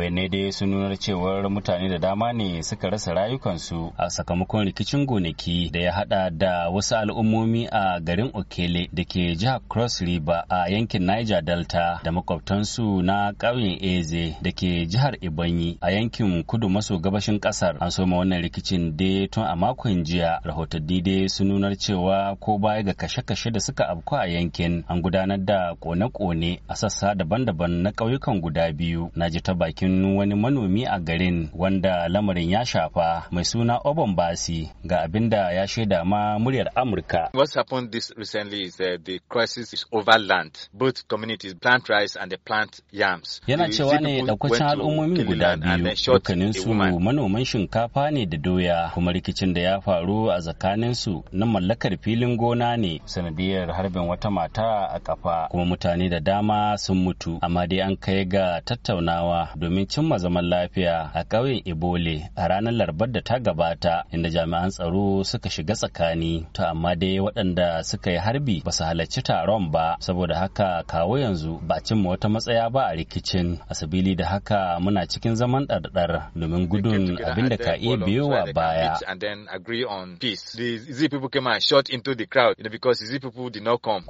bayanai dai sun nuna cewar mutane da dama ne suka rasa rayukansu a sakamakon rikicin gonaki da ya hada da wasu al'ummomi a garin okele da ke jihar cross river a yankin niger delta da makwabtansu na ƙauyen eze da ke jihar ibanyi a yankin kudu maso gabashin ƙasar an soma wannan rikicin dai tun a makon jiya rahotanni dai sun nuna cewa ko baya ga kashe-kashe da suka afku a yankin an gudanar da kone-kone a sassa daban-daban na ƙauyukan guda biyu na ji ta bakin hannun wani manomi a garin wanda lamarin ya shafa mai suna Obon Basi ga abin da ya shaida ma muryar Amurka. What's happened this recently is that the crisis is over land, both communities plant rice and they plant yams. Yana cewa ne ɗaukacin al'ummomin guda biyu dukkanin su manoman shinkafa ne da doya kuma rikicin da ya faru a tsakanin su na mallakar filin gona ne sanadiyar harbin wata mata a kafa kuma mutane da dama sun mutu amma dai an kai ga tattaunawa domin domin cimma zaman lafiya a ƙauyen Ebole a ranar Larabar da ta gabata inda jami'an tsaro suka shiga tsakani to amma dai waɗanda suka yi harbi ba su halarci taron ba saboda haka kawo yanzu ba cimma wata matsaya ba a rikicin asibili da haka muna cikin zaman ɗarɗar domin gudun abin da ka iya wa baya.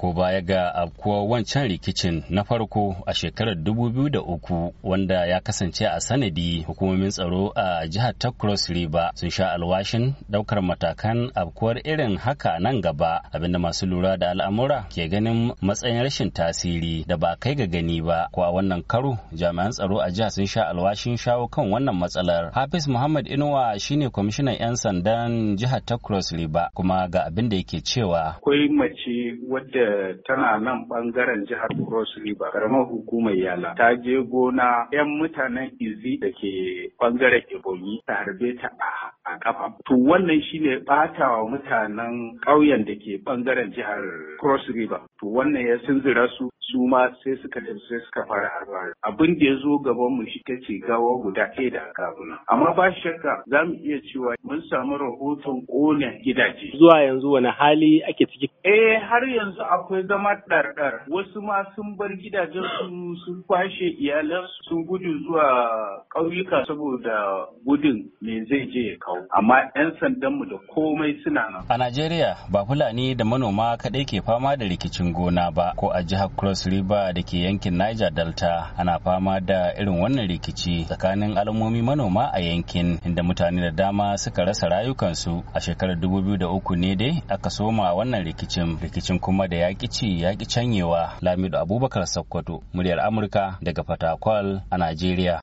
Ko baya ga afkuwar wancan rikicin na farko a shekarar 2003 wanda ya kasance a sanadi hukumomin tsaro a jihar ta cross river sun sha alwashin daukar matakan abkuwar irin haka nan gaba abinda masu lura da al'amura ke ganin matsayin rashin tasiri da ba kai ga gani ba kuwa wannan karo jami'an tsaro a jihar sun sha alwashin shawo kan wannan matsalar hafiz muhammad inuwa shine kwamishinan 'yan sandan jihar ta cross river kuma ga abin da yake cewa akwai mace wadda tana nan bangaren jihar cross river karamar hukumar yala ta je gona 'yan mutane mutanen izi da ke ɓangaren ebonyi ta harbe ta a ƙafa, to wannan shine ɓata wa mutanen ƙauyen da ke ɓangaren jihar cross river to wannan ya sinzira su su ma sai suka tafi sai suka fara harbari abin da ya zo gaban mu shi ce gawa guda ɗaya da aka amma ba shakka za mu iya cewa mun samu rahoton ƙone gidaje zuwa yanzu wani hali ake ciki eh har yanzu akwai zama ɗarɗar wasu ma sun bar gidajen su sun kwashe iyalan sun gudu zuwa ƙauyuka saboda gudun me zai je ya kawo amma 'yan sandanmu da komai suna nan a Najeriya ba Fulani da manoma kaɗai ke fama da rikicin gona ba ko a jihar cross river da ke yankin niger delta ana fama da irin wannan rikici tsakanin alamomi manoma a yankin inda mutane da dama suka rasa rayukansu a shekarar dubu biyu da uku ne dai aka soma wannan rikicin rikicin kuma da yaƙi ci yaƙi canyewa lamido abubakar sakkwato muryar amurka daga fatakwal a najeriya